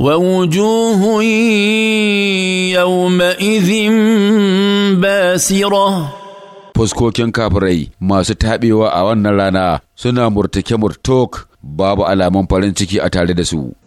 ووجوه يومئذ باسره fuskokin kafirai masu taɓewa a wannan rana suna murtuke murtok babu alamun farin ciki a tare da su.